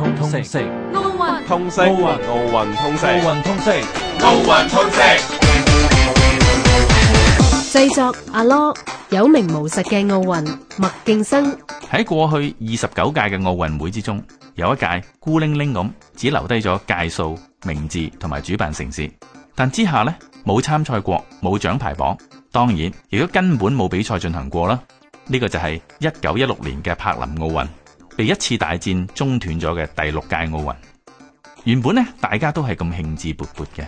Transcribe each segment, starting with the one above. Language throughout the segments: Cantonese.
通通奧運，奧運，奧運通奧運通奧運通製作阿羅有名無實嘅奧運麥敬生。喺過去二十九屆嘅奧運會之中，有一屆孤零零咁只留低咗屆數、名字同埋主辦城市，但之下呢冇參賽國、冇獎牌榜，當然亦都根本冇比賽進行過啦。呢個就係一九一六年嘅柏林奧運。被一次大戰中斷咗嘅第六屆奧運，原本呢，大家都係咁興致勃勃嘅。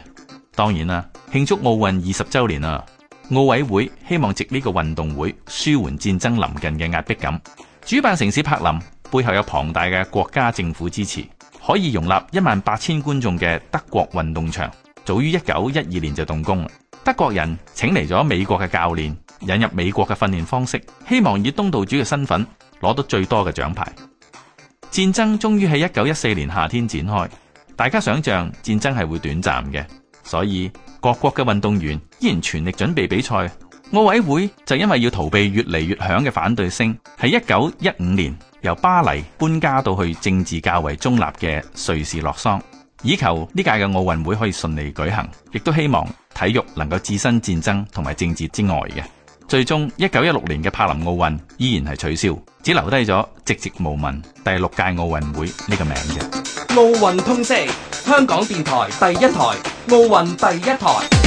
當然啦，慶祝奧運二十周年啦，奧委會希望藉呢個運動會舒緩戰爭臨近嘅壓迫感。主辦城市柏林背後有龐大嘅國家政府支持，可以容納一萬八千觀眾嘅德國運動場，早於一九一二年就動工，德國人請嚟咗美國嘅教練，引入美國嘅訓練方式，希望以東道主嘅身份攞到最多嘅獎牌。戰爭終於喺一九一四年夏天展開，大家想象戰爭係會短暫嘅，所以各國嘅運動員依然全力準備比賽。奧委會就因為要逃避越嚟越響嘅反對聲，喺一九一五年由巴黎搬家到去政治較為中立嘅瑞士洛桑，以求呢屆嘅奧運會可以順利舉行，亦都希望體育能夠置身戰爭同埋政治之外嘅。最終，一九一六年嘅柏林奧運依然係取消，只留低咗寂寂無聞第六屆奧運會呢個名嘅。奧運通識，香港電台第一台，奧運第一台。